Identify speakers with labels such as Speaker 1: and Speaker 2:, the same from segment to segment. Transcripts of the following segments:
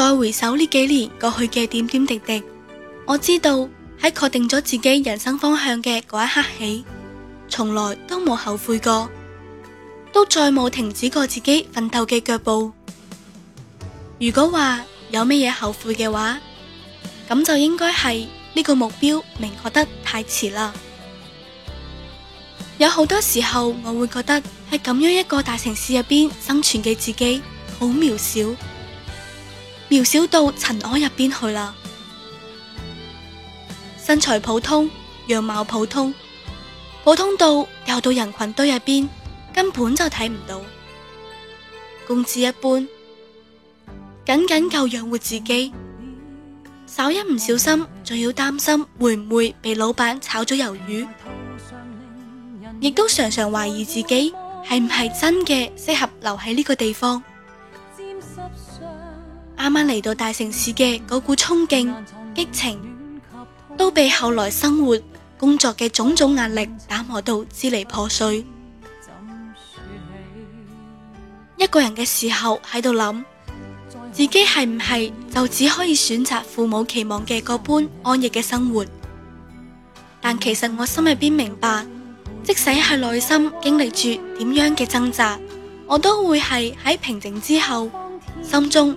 Speaker 1: 再回首呢幾年過去嘅點點滴滴，我知道喺確定咗自己人生方向嘅嗰一刻起，從來都冇後悔過，都再冇停止過自己奮鬥嘅腳步。如果話有咩嘢後悔嘅話，咁就應該係呢個目標明確得太遲啦。有好多時候我會覺得喺咁樣一個大城市入邊生存嘅自己好渺小。渺小到塵埃入邊去啦，身材普通，樣貌普通，普通到掉到人群堆入邊根本就睇唔到，工資一般，僅僅夠養活自己，稍一唔小心仲要擔心會唔會被老闆炒咗魷魚，亦都常常懷疑自己係唔係真嘅適合留喺呢個地方。啱啱嚟到大城市嘅嗰股憧憬、激情，都被後來生活、工作嘅種種壓力打磨到支離破碎。一個人嘅時候喺度諗，自己係唔係就只可以選擇父母期望嘅嗰般安逸嘅生活？但其實我心入邊明白，即使係內心經歷住點樣嘅掙扎，我都會係喺平靜之後，心中。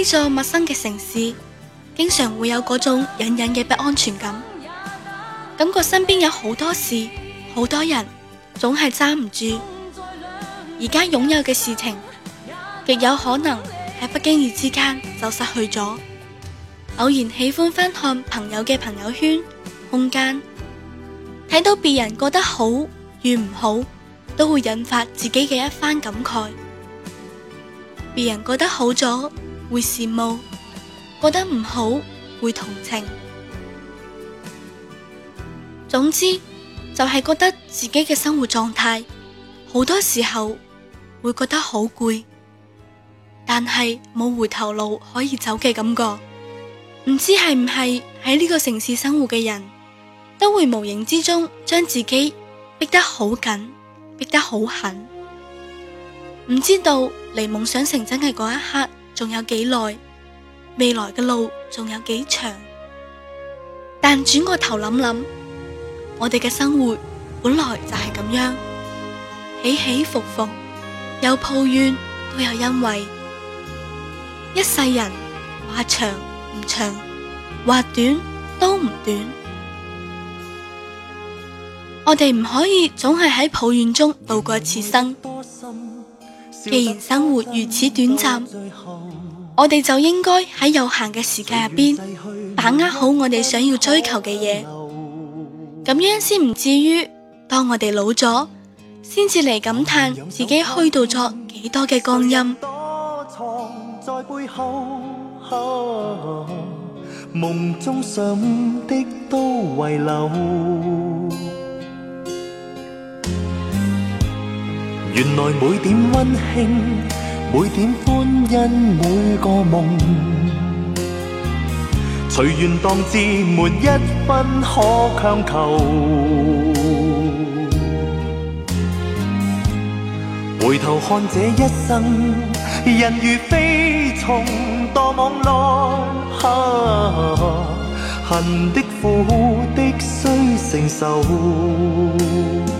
Speaker 1: 呢座陌生嘅城市，經常會有嗰種隱隱嘅不安全感，感覺身邊有好多事、好多人，總係揸唔住。而家擁有嘅事情，極有可能喺不經意之間就失去咗。偶然喜歡翻看朋友嘅朋友圈、空間，睇到別人過得好與唔好，都會引發自己嘅一番感慨。別人過得好咗。會羨慕，覺得唔好，會同情，總之就係覺得自己嘅生活狀態好多時候會覺得好攰，但係冇回頭路可以走嘅感覺，唔知係唔係喺呢個城市生活嘅人都會無形之中將自己逼得好緊，逼得好狠，唔知道離夢想成真嘅嗰一刻。仲有幾耐？未來嘅路仲有幾長？但轉過頭諗諗，我哋嘅生活本來就係咁樣，起起伏伏，有抱怨都有欣慰。一世人話長唔長，話短都唔短。我哋唔可以總係喺抱怨中度過此生。既然生活如此短暫，我哋就應該喺有限嘅時間入邊，把握好我哋想要追求嘅嘢，咁樣先唔至於當我哋老咗，先至嚟感嘆自己虛度咗幾多嘅光陰。
Speaker 2: 原來每點溫馨，每點歡欣，每個夢，隨緣當至，沒一分可強求。回頭看這一生，人如飛蟲，墮網內，啊，恨的苦的雖，須承受。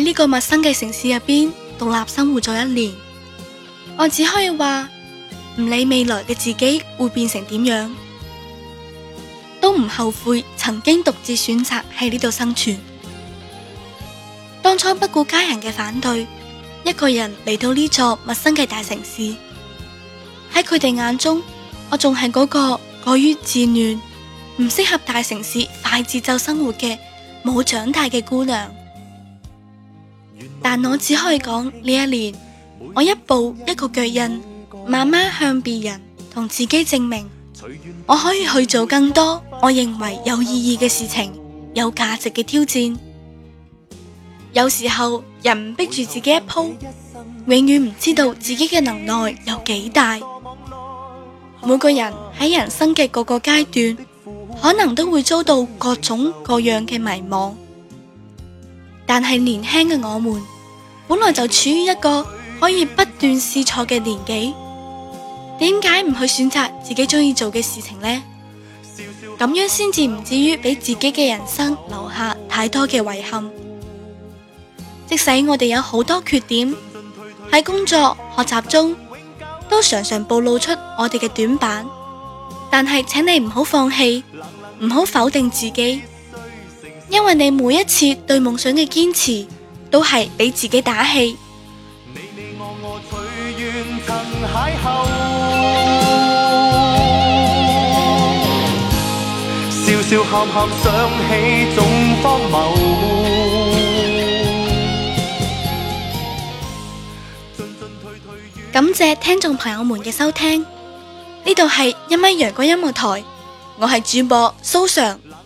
Speaker 1: 喺呢個陌生嘅城市入邊獨立生活咗一年，我只可以話唔理未來嘅自己會變成點樣，都唔後悔曾經獨自選擇喺呢度生存。當初不顧家人嘅反對，一個人嚟到呢座陌生嘅大城市，喺佢哋眼中，我仲係嗰個過於自戀、唔適合大城市快節奏生活嘅冇長大嘅姑娘。但我只可以講呢一年，我一步一個腳印，慢慢向別人同自己證明，我可以去做更多我認爲有意義嘅事情，有價值嘅挑戰。有時候人唔逼住自己一鋪，永遠唔知道自己嘅能耐有幾大。每個人喺人生嘅各個階段，可能都會遭到各種各樣嘅迷茫。但係年輕嘅我們本來就處於一個可以不斷試錯嘅年紀，點解唔去選擇自己中意做嘅事情呢？咁樣先至唔至於俾自己嘅人生留下太多嘅遺憾。即使我哋有好多缺點，喺工作學習中都常常暴露出我哋嘅短板，但係請你唔好放棄，唔好否定自己。因為你每一次對夢想嘅堅持，都係俾自己打氣。感謝聽眾朋友們嘅收聽，呢度係一米陽光音樂台，我係主播蘇常。